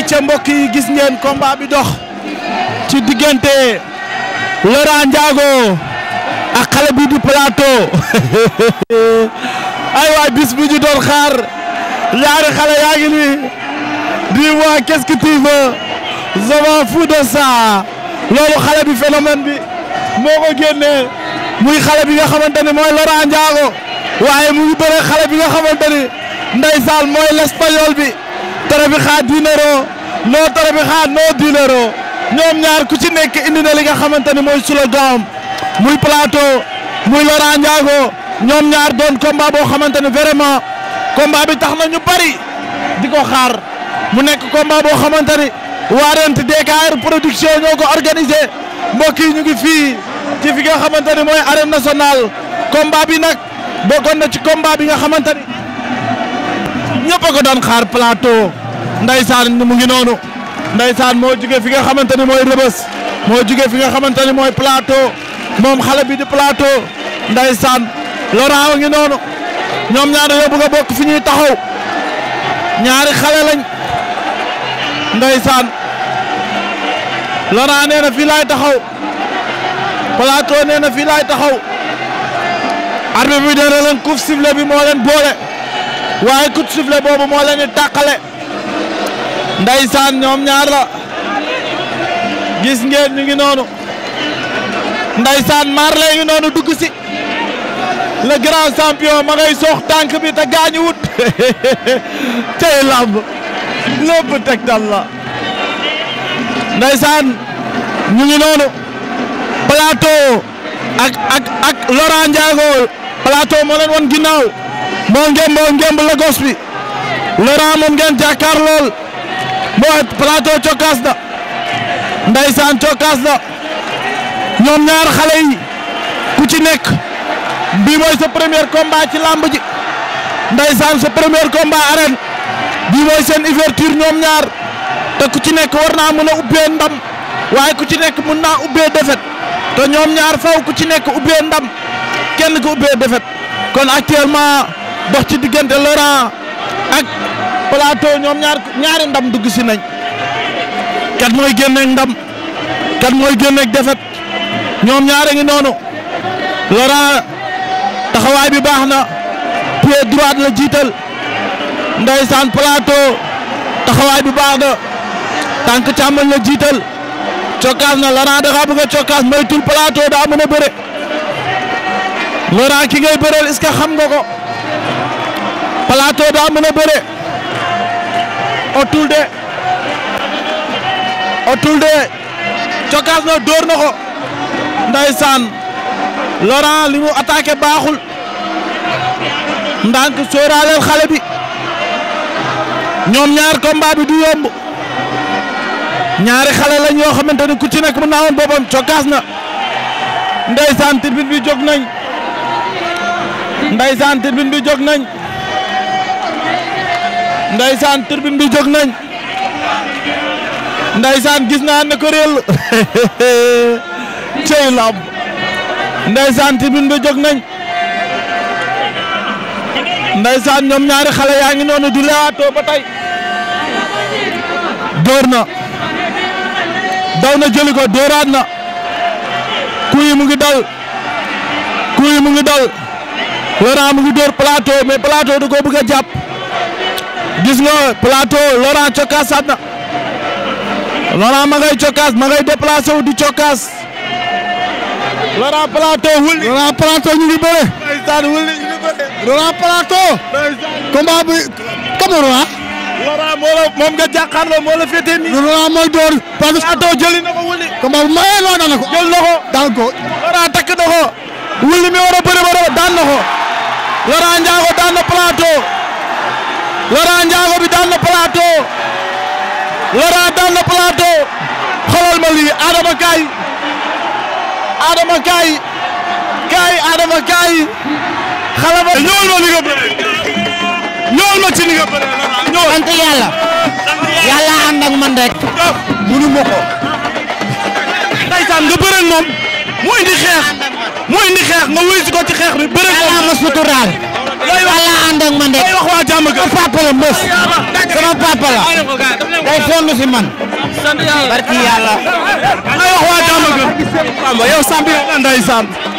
ay ca mbokk yi gis ngeen combat bi dox ci diggante Laurent Ndiago ak xale bi di plateau ay waay bis bi ñu doon xaar ñaari xale yaa ngi nii dis-moi qu'est-ce que xale bi phénomène bi moo ko muy xale bi nga xamante ni mooy Laurent Ndiago waaye mu ngi xale bi nga xamante ni ndeysaan mooy l'espagnol bi Torobikhate Dinaro non Torobikhate non Dinaro ñoom ñaar ku ci nekk indi na li nga xamante ni mooy slogan muy plateau muy Laurent Ndiago ñoom ñaar doon combat boo xamante ni vraiment combat bi tax na ñu bari di ko xaar mu nekk combat boo xamante ni Warent DKR production ñoo ko organisé mbokk ñu ngi fii ci fi nga xamante ni mooy arène nationale combat bi nag bokkoon na ci combat bi nga xamante ni. ñëpp a ko doon xaar plateau ndaysaan mu ngi noonu ndaysaan moo jóge fi nga xamante ni mooy rëbës moo jóge fi nga xamante ni mooy plateau moom xale bi di plateau ndaysaan Laurent a ngi noonu ñoom ñaar dañoo bëgg a bokk fi ñuy taxaw ñaari xale lañ ndaysaan Laurent nee na fii laay taxaw plateau nee na fii laay taxaw arbitre bi nee na leen coup sifflet bi moo leen boole waaye coup de sifflet boobu moo leen di tàqale ndeysaan ñoom ñaar gis ngeen ñu ngi noonu ndeysaan Marley ngi noonu dugg si le grand champion ma soox tànk bi te gaañu wut tey làmb lépp tegtal la ndeysaan ñu ngi noonu plateau ak ak plateau moo leen won ginnaaw moo ngem moo ngem bi Laurent moom ngeen jàkkaar lool moo plateau cokkaas na ndeysaan cokkaas na ñoom ñaar xale yi ku ci nekk bi mooy sa premier combat ci lamb ji ndeysaan sa premier combat arène bi mooy seen ouverture ñoom ñaar te ku ci nekk war naa mën a ubbee ndam waaye ku ci nekk mën naa ubbee defet te ñoom ñaar faw ku ci nekk ubbee ndam kenn ku ubbee defet kon actuellement dox ci diggante Laurent ak Plateau ñoom ñaar ñaari ndam dugg si nañ kat mooy génneeg ndam kat mooy génneeg defet ñoom ñaara ngi noonu Laurent taxawaay bi baax na pied droit la jiital ndeysaan Plateau taxawaay bi baax na tànk càmmoñ la jiital cokkaas na Laurent da nga bëgg a cokkaas moytul Plateau daa mën a bëre. Laurent ki ngay bëreel est xam nga ko plateau daa mën a bëre otul de otul de cokaas na dóor na ko ndeysaan Laurent li mu baaxul ndànk sóoraaleel xale bi ñoom ñaar combat bi du yomb ñaari xale lañ yoo xamante ni ku ci nekk mën naa woon boppam cokaas na ndeysaan tribune bi jóg nañ ndeysaan turbine bi jóg nañ ndeysaan turbine bi jóg nañ gis naa ne ko réel cey lamb ndeysaan turbine bi jóg nañ ndeysaan ñoom ñaari xale yaa ngi noonu di laatoo ba tey dóor na daw na jëli ko dóoraat na kuy mu ngi dal kuy mu ngi dal Laurent mu ngi dóor plateau mais plateau da koo bëgg a gis nga plateau Laurent cokkaasaat na Laurent ma ngay cokkaas ma ngay di cokkaas Laurent plateau wul Laurent plateau ñu ngi bëre plateau combat bi Cameroun ah moom nga jàkkaarloo moo la féetee nii Laurent mooy dóor plateau daan na ko takk na ko wuli mi war ba daan na Laurent Ndiago daan na plateau Laurent Ndiago bi daan na plateau Laurent daan na plateau xoolal ma lii Adama Kaay Adama Kaay Kaay Adama Kaay xale ma. ñëwal ma li nga bëree ñëwal ma ci li nga bëree ñëwal. sant yàlla yàlla ànd ak man rek. mënu ma ko. ndeysaan nga bëre moom mooy di xeex. mooy indi xeex nga wuyu si ko ci xeex bi bëre ko ma suturaal yàlla ànd ak man de wax waa jàmm sama papa la mbës si man barki yàlla lay wax waa jàmm ga yow sambi ndeysaan